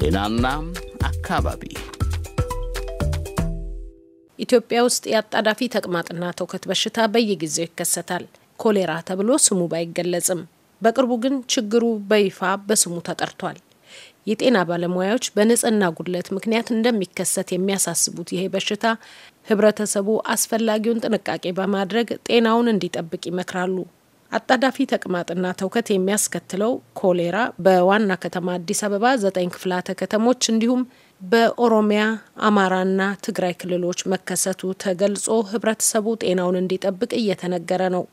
ጤናና አካባቢ ኢትዮጵያ ውስጥ የአጣዳፊ ተቅማጥና ተውከት በሽታ በየጊዜው ይከሰታል። ኮሌራ ተብሎ ስሙ ባይገለጽም በቅርቡ ግን ችግሩ በይፋ በስሙ ተጠርቷል። የጤና ባለሙያዎች በንጽህና ጉድለት ምክንያት እንደሚከሰት የሚያሳስቡት ይሄ በሽታ ህብረተሰቡ አስፈላጊውን ጥንቃቄ በማድረግ ጤናውን እንዲጠብቅ ይመክራሉ። አጣዳፊ ተቅማጥና ተውከት የሚያስከትለው ኮሌራ በዋና ከተማ አዲስ አበባ ዘጠኝ ክፍላተ ከተሞች እንዲሁም በኦሮሚያ አማራና ትግራይ ክልሎች መከሰቱ ተገልጾ ህብረተሰቡ ጤናውን እንዲጠብቅ እየተነገረ ነው።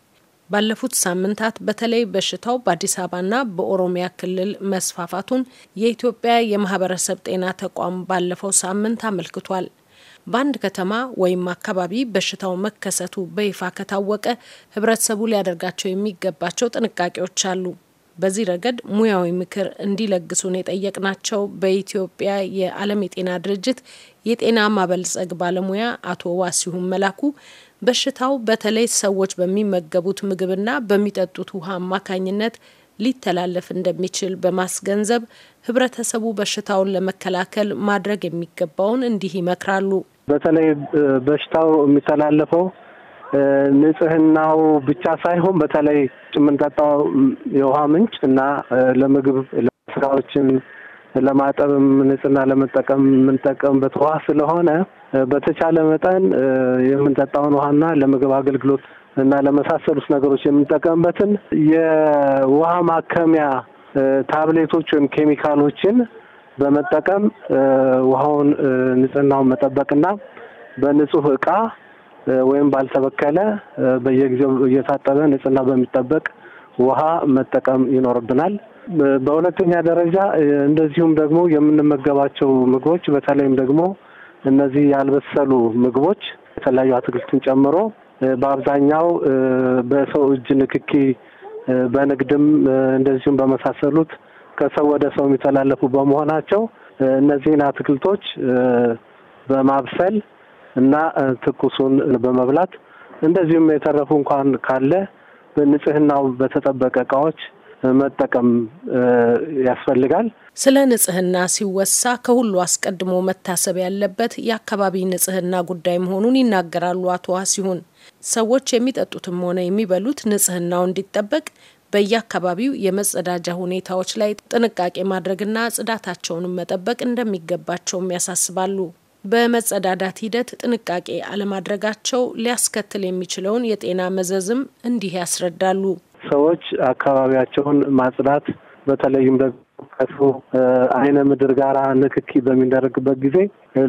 ባለፉት ሳምንታት በተለይ በሽታው በአዲስ አበባና በኦሮሚያ ክልል መስፋፋቱን የኢትዮጵያ የማህበረሰብ ጤና ተቋም ባለፈው ሳምንት አመልክቷል። በአንድ ከተማ ወይም አካባቢ በሽታው መከሰቱ በይፋ ከታወቀ ህብረተሰቡ ሊያደርጋቸው የሚገባቸው ጥንቃቄዎች አሉ። በዚህ ረገድ ሙያዊ ምክር እንዲለግሱን የጠየቅናቸው በኢትዮጵያ የዓለም የጤና ድርጅት የጤና ማበልጸግ ባለሙያ አቶ ዋሲሁን መላኩ በሽታው በተለይ ሰዎች በሚመገቡት ምግብና በሚጠጡት ውሃ አማካኝነት ሊተላለፍ እንደሚችል በማስገንዘብ ህብረተሰቡ በሽታውን ለመከላከል ማድረግ የሚገባውን እንዲህ ይመክራሉ። በተለይ በሽታው የሚተላለፈው ንጽህናው ብቻ ሳይሆን በተለይ የምንጠጣው የውሃ ምንጭ እና ለምግብ ስራዎችን ለማጠብም ንጽህና ለመጠቀም የምንጠቀምበት ውሃ ስለሆነ በተቻለ መጠን የምንጠጣውን ውሃና ለምግብ አገልግሎት እና ለመሳሰሉት ነገሮች የምንጠቀምበትን የውሃ ማከሚያ ታብሌቶች ወይም ኬሚካሎችን በመጠቀም ውሃውን ንጽህናውን መጠበቅና በንጹህ እቃ ወይም ባልተበከለ በየጊዜው እየታጠበ ንጽህና በሚጠበቅ ውሃ መጠቀም ይኖርብናል። በሁለተኛ ደረጃ እንደዚሁም ደግሞ የምንመገባቸው ምግቦች በተለይም ደግሞ እነዚህ ያልበሰሉ ምግቦች የተለያዩ አትክልትን ጨምሮ በአብዛኛው በሰው እጅ ንክኪ በንግድም እንደዚሁም በመሳሰሉት ከሰው ወደ ሰው የሚተላለፉ በመሆናቸው እነዚህን አትክልቶች በማብሰል እና ትኩሱን በመብላት እንደዚሁም የተረፉ እንኳን ካለ ንጽህናው በተጠበቀ እቃዎች መጠቀም ያስፈልጋል። ስለ ንጽህና ሲወሳ ከሁሉ አስቀድሞ መታሰብ ያለበት የአካባቢ ንጽህና ጉዳይ መሆኑን ይናገራሉ አቶ ሲሆን ሰዎች የሚጠጡትም ሆነ የሚበሉት ንጽህናው እንዲጠበቅ በየአካባቢው የመጸዳጃ ሁኔታዎች ላይ ጥንቃቄ ማድረግና ጽዳታቸውንም መጠበቅ እንደሚገባቸውም ያሳስባሉ። በመጸዳዳት ሂደት ጥንቃቄ አለማድረጋቸው ሊያስከትል የሚችለውን የጤና መዘዝም እንዲህ ያስረዳሉ። ሰዎች አካባቢያቸውን ማጽዳት በተለይም ደግሞ ከሱ አይነ ምድር ጋር ንክኪ በሚደረግበት ጊዜ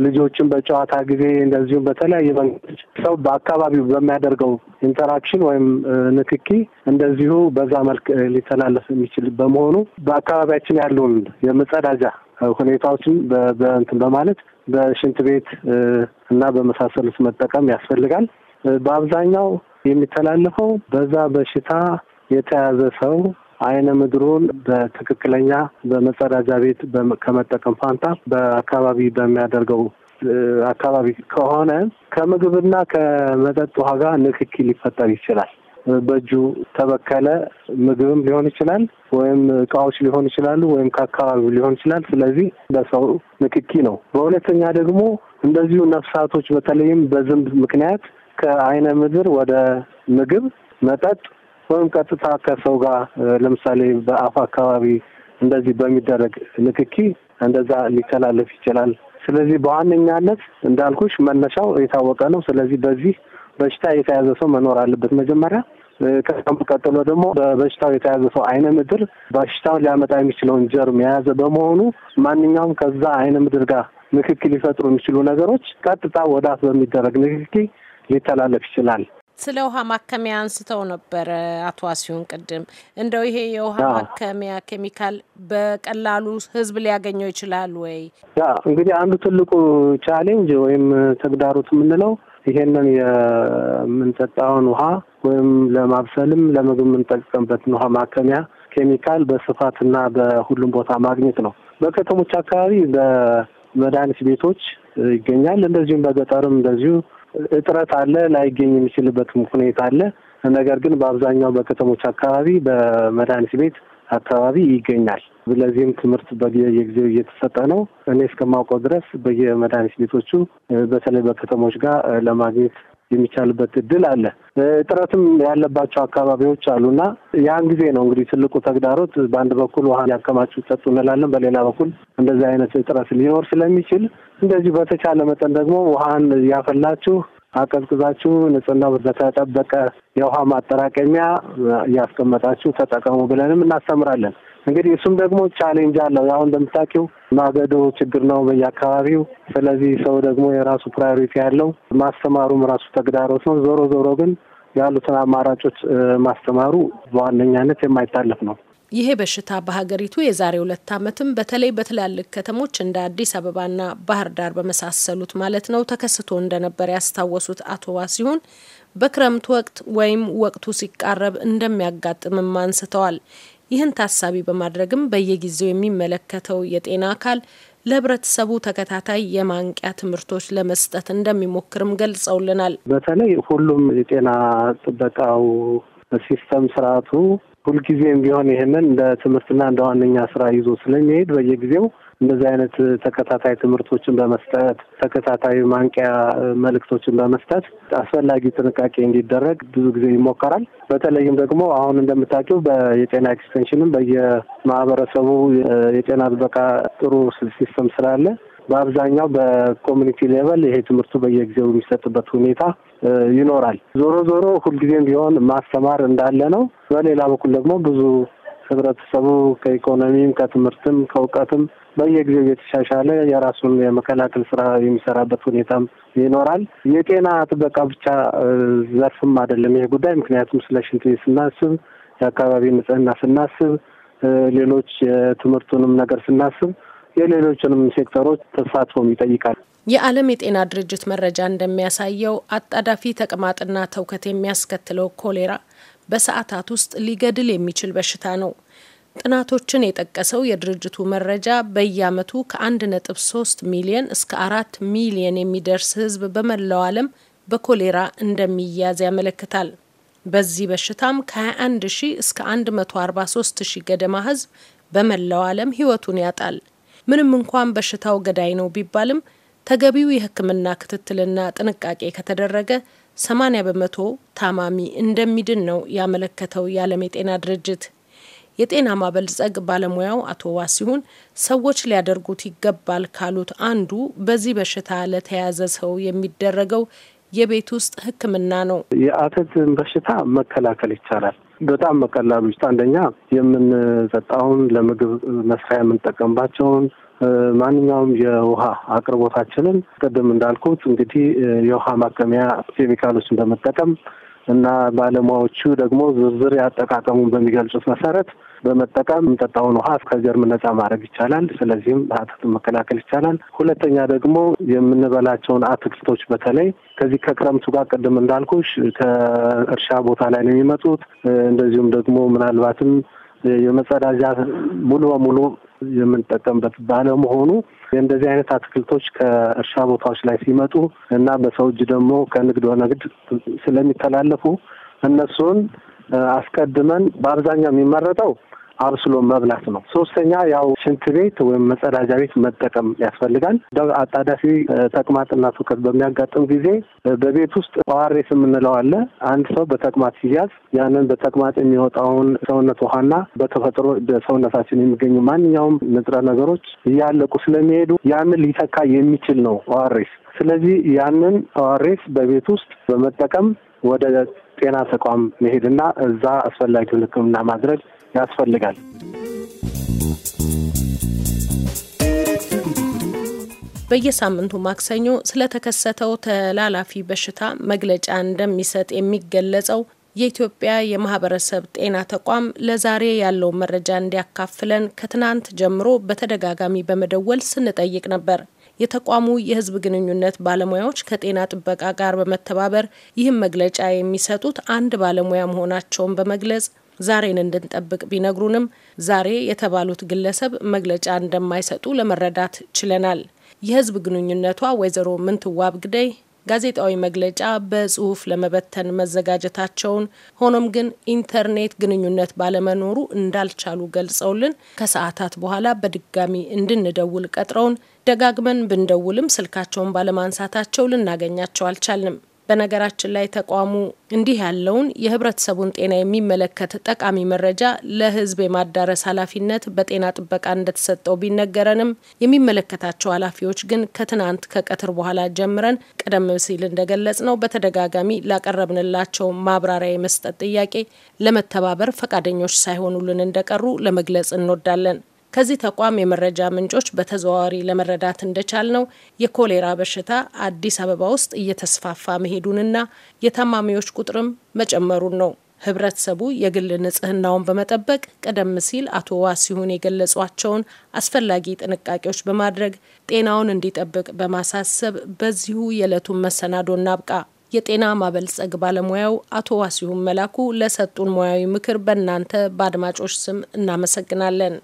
ልጆችን በጨዋታ ጊዜ እንደዚሁም በተለያየ መንገድ ሰው በአካባቢው በሚያደርገው ኢንተራክሽን ወይም ንክኪ እንደዚሁ በዛ መልክ ሊተላለፍ የሚችል በመሆኑ በአካባቢያችን ያለውን የመጸዳጃ ሁኔታዎችን በእንትን በማለት በሽንት ቤት እና በመሳሰሉት መጠቀም ያስፈልጋል። በአብዛኛው የሚተላለፈው በዛ በሽታ የተያዘ ሰው አይነ ምድሩን በትክክለኛ በመጸዳጃ ቤት ከመጠቀም ፋንታ በአካባቢ በሚያደርገው አካባቢ ከሆነ ከምግብና ከመጠጥ ውሃ ጋር ንክኪ ሊፈጠር ይችላል። በእጁ ተበከለ ምግብም ሊሆን ይችላል፣ ወይም እቃዎች ሊሆን ይችላሉ፣ ወይም ከአካባቢው ሊሆን ይችላል። ስለዚህ ለሰው ንክኪ ነው። በሁለተኛ ደግሞ እንደዚሁ ነፍሳቶች በተለይም በዝንብ ምክንያት ከአይነ ምድር ወደ ምግብ መጠጥ ወይም ቀጥታ ከሰው ጋር ለምሳሌ በአፍ አካባቢ እንደዚህ በሚደረግ ንክኪ እንደዛ ሊተላለፍ ይችላል። ስለዚህ በዋነኛነት እንዳልኩሽ መነሻው የታወቀ ነው። ስለዚህ በዚህ በሽታ የተያዘ ሰው መኖር አለበት መጀመሪያ። ከዛም ቀጥሎ ደግሞ በበሽታው የተያዘ ሰው አይነ ምድር በሽታውን ሊያመጣ የሚችለውን ጀርም የያዘ በመሆኑ ማንኛውም ከዛ አይነ ምድር ጋር ንክኪ ሊፈጥሩ የሚችሉ ነገሮች ቀጥታ ወዳት በሚደረግ ንክኪ ሊተላለፍ ይችላል። ስለ ውሃ ማከሚያ አንስተው ነበር አቶ አስሁን ቅድም። እንደው ይሄ የውሃ ማከሚያ ኬሚካል በቀላሉ ህዝብ ሊያገኘው ይችላል ወይ? እንግዲህ አንዱ ትልቁ ቻሌንጅ ወይም ተግዳሮት የምንለው ይሄንን የምንጠጣውን ውሃ ወይም ለማብሰልም ለምግብ የምንጠቀምበትን ውሃ ማከሚያ ኬሚካል በስፋትና በሁሉም ቦታ ማግኘት ነው። በከተሞች አካባቢ በመድኃኒት ቤቶች ይገኛል። እንደዚሁም በገጠርም እንደዚሁ እጥረት አለ፣ ላይገኝ የሚችልበትም ሁኔታ አለ። ነገር ግን በአብዛኛው በከተሞች አካባቢ በመድኃኒት ቤት አካባቢ ይገኛል። ለዚህም ትምህርት በየጊዜው እየተሰጠ ነው። እኔ እስከማውቀው ድረስ በየመድኃኒት ቤቶቹ በተለይ በከተሞች ጋር ለማግኘት የሚቻልበት እድል አለ። እጥረትም ያለባቸው አካባቢዎች አሉና ያን ጊዜ ነው እንግዲህ ትልቁ ተግዳሮት። በአንድ በኩል ውሃ ያከማችሁ ጠጡ እንላለን፣ በሌላ በኩል እንደዚህ አይነት እጥረት ሊኖር ስለሚችል እንደዚሁ በተቻለ መጠን ደግሞ ውሃን እያፈላችሁ አቀዝቅዛችሁ ንጽህናው በተጠበቀ የውሃ ማጠራቀሚያ እያስቀመጣችሁ ተጠቀሙ ብለንም እናስተምራለን። እንግዲህ እሱም ደግሞ ቻሌንጅ አለው። አሁን እንደምታውቂው ማገዶ ችግር ነው በየአካባቢው። ስለዚህ ሰው ደግሞ የራሱ ፕራዮሪቲ ያለው ማስተማሩም ራሱ ተግዳሮት ነው። ዞሮ ዞሮ ግን ያሉትን አማራጮች ማስተማሩ በዋነኛነት የማይታለፍ ነው። ይሄ በሽታ በሀገሪቱ የዛሬ ሁለት ዓመትም በተለይ በትላልቅ ከተሞች እንደ አዲስ አበባና ባህር ዳር በመሳሰሉት ማለት ነው ተከስቶ እንደነበር ያስታወሱት አቶ ዋ ሲሆን በክረምት ወቅት ወይም ወቅቱ ሲቃረብ እንደሚያጋጥምም አንስተዋል። ይህን ታሳቢ በማድረግም በየጊዜው የሚመለከተው የጤና አካል ለህብረተሰቡ ተከታታይ የማንቂያ ትምህርቶች ለመስጠት እንደሚሞክርም ገልጸውልናል። በተለይ ሁሉም የጤና ጥበቃው ሲስተም ስርዓቱ ሁልጊዜም ቢሆን ይህንን እንደ ትምህርትና እንደ ዋነኛ ስራ ይዞ ስለሚሄድ በየጊዜው እንደዚህ አይነት ተከታታይ ትምህርቶችን በመስጠት ተከታታይ ማንቂያ መልእክቶችን በመስጠት አስፈላጊ ጥንቃቄ እንዲደረግ ብዙ ጊዜ ይሞከራል። በተለይም ደግሞ አሁን እንደምታውቂው የጤና ኤክስቴንሽንም በየማህበረሰቡ የጤና ጥበቃ ጥሩ ሲስተም ስላለ በአብዛኛው በኮሚኒቲ ሌቨል ይሄ ትምህርቱ በየጊዜው የሚሰጥበት ሁኔታ ይኖራል። ዞሮ ዞሮ ሁልጊዜም ቢሆን ማስተማር እንዳለ ነው። በሌላ በኩል ደግሞ ብዙ ህብረተሰቡ ከኢኮኖሚም ከትምህርትም ከእውቀትም በየጊዜው እየተሻሻለ የራሱን የመከላከል ስራ የሚሰራበት ሁኔታም ይኖራል። የጤና ጥበቃ ብቻ ዘርፍም አይደለም ይሄ ጉዳይ። ምክንያቱም ስለ ሽንት ቤት ስናስብ፣ የአካባቢ ንጽህና ስናስብ፣ ሌሎች የትምህርቱንም ነገር ስናስብ የሌሎችንም ሴክተሮች ተሳትፎም ይጠይቃል። የዓለም የጤና ድርጅት መረጃ እንደሚያሳየው አጣዳፊ ተቅማጥና ተውከት የሚያስከትለው ኮሌራ በሰዓታት ውስጥ ሊገድል የሚችል በሽታ ነው። ጥናቶችን የጠቀሰው የድርጅቱ መረጃ በየዓመቱ ከ1.3 ሚሊየን እስከ 4 ሚሊየን የሚደርስ ህዝብ በመላው ዓለም በኮሌራ እንደሚያዝ ያመለክታል። በዚህ በሽታም ከ21 ሺህ እስከ 143 ሺህ ገደማ ህዝብ በመላው ዓለም ህይወቱን ያጣል። ምንም እንኳን በሽታው ገዳይ ነው ቢባልም ተገቢው የሕክምና ክትትልና ጥንቃቄ ከተደረገ 80 በመቶ ታማሚ እንደሚድን ነው ያመለከተው የዓለም የጤና ድርጅት። የጤና ማበልጸግ ባለሙያው አቶ ሲሆን ሰዎች ሊያደርጉት ይገባል ካሉት አንዱ በዚህ በሽታ ለተያዘ ሰው የሚደረገው የቤት ውስጥ ሕክምና ነው። የአተት በሽታ መከላከል ይቻላል። በጣም በቀላሉ ውስጥ አንደኛ የምንጠጣውን ለምግብ መስሪያ የምንጠቀምባቸውን ማንኛውም የውሃ አቅርቦታችንን ቅድም እንዳልኩት እንግዲህ የውሃ ማከሚያ ኬሚካሎችን በመጠቀም እና ባለሙያዎቹ ደግሞ ዝርዝር ያጠቃቀሙን በሚገልጹት መሰረት በመጠቀም የሚጠጣውን ውሃ ጀርም ነጻ ማድረግ ይቻላል። ስለዚህም ሀተትን መከላከል ይቻላል። ሁለተኛ ደግሞ የምንበላቸውን አትክልቶች በተለይ ከዚህ ከክረምቱ ጋር ቅድም እንዳልኩሽ ከእርሻ ቦታ ላይ ነው የሚመጡት። እንደዚሁም ደግሞ ምናልባትም የመጸዳጃ ሙሉ በሙሉ የምንጠቀምበት ባለመሆኑ እንደዚህ አይነት አትክልቶች ከእርሻ ቦታዎች ላይ ሲመጡ እና በሰው እጅ ደግሞ ከንግድ ወነግድ ስለሚተላለፉ እነሱን አስቀድመን በአብዛኛው የሚመረጠው አብስሎ መብላት ነው። ሶስተኛ ያው ሽንት ቤት ወይም መጸዳጃ ቤት መጠቀም ያስፈልጋል። አጣዳፊ ተቅማጥና ትውከት በሚያጋጥም ጊዜ በቤት ውስጥ ጳዋሬስ የምንለው አለ። አንድ ሰው በተቅማጥ ሲያዝ ያንን በተቅማጥ የሚወጣውን ሰውነት ውሃና በተፈጥሮ በሰውነታችን የሚገኙ ማንኛውም ንጥረ ነገሮች እያለቁ ስለሚሄዱ ያንን ሊተካ የሚችል ነው ጳዋሬስ። ስለዚህ ያንን ጳዋሬስ በቤት ውስጥ በመጠቀም ወደ ጤና ተቋም መሄድና እዛ አስፈላጊውን ሕክምና ማድረግ ያስፈልጋል። በየሳምንቱ ማክሰኞ ስለተከሰተው ተላላፊ በሽታ መግለጫ እንደሚሰጥ የሚገለጸው የኢትዮጵያ የማህበረሰብ ጤና ተቋም ለዛሬ ያለውን መረጃ እንዲያካፍለን ከትናንት ጀምሮ በተደጋጋሚ በመደወል ስንጠይቅ ነበር። የተቋሙ የሕዝብ ግንኙነት ባለሙያዎች ከጤና ጥበቃ ጋር በመተባበር ይህም መግለጫ የሚሰጡት አንድ ባለሙያ መሆናቸውን በመግለጽ ዛሬን እንድንጠብቅ ቢነግሩንም ዛሬ የተባሉት ግለሰብ መግለጫ እንደማይሰጡ ለመረዳት ችለናል። የህዝብ ግንኙነቷ ወይዘሮ ምንትዋብ ግደይ ጋዜጣዊ መግለጫ በጽሁፍ ለመበተን መዘጋጀታቸውን ሆኖም ግን ኢንተርኔት ግንኙነት ባለመኖሩ እንዳልቻሉ ገልጸውልን ከሰዓታት በኋላ በድጋሚ እንድንደውል ቀጥረውን ደጋግመን ብንደውልም ስልካቸውን ባለማንሳታቸው ልናገኛቸው አልቻልንም። በነገራችን ላይ ተቋሙ እንዲህ ያለውን የህብረተሰቡን ጤና የሚመለከት ጠቃሚ መረጃ ለህዝብ የማዳረስ ኃላፊነት በጤና ጥበቃ እንደተሰጠው ቢነገረንም የሚመለከታቸው ኃላፊዎች ግን ከትናንት ከቀትር በኋላ ጀምረን ቀደም ሲል እንደገለጽ ነው በተደጋጋሚ ላቀረብንላቸው ማብራሪያ የመስጠት ጥያቄ ለመተባበር ፈቃደኞች ሳይሆኑልን እንደቀሩ ለመግለጽ እንወዳለን። ከዚህ ተቋም የመረጃ ምንጮች በተዘዋዋሪ ለመረዳት እንደቻል ነው የኮሌራ በሽታ አዲስ አበባ ውስጥ እየተስፋፋ መሄዱንና የታማሚዎች ቁጥርም መጨመሩን ነው። ህብረተሰቡ የግል ንጽህናውን በመጠበቅ ቀደም ሲል አቶ ዋሲሁን የገለጿቸውን አስፈላጊ ጥንቃቄዎች በማድረግ ጤናውን እንዲጠብቅ በማሳሰብ በዚሁ የዕለቱን መሰናዶ እናብቃ። የጤና ማበልጸግ ባለሙያው አቶ ዋሲሁን መላኩ ለሰጡን ሙያዊ ምክር በእናንተ በአድማጮች ስም እናመሰግናለን።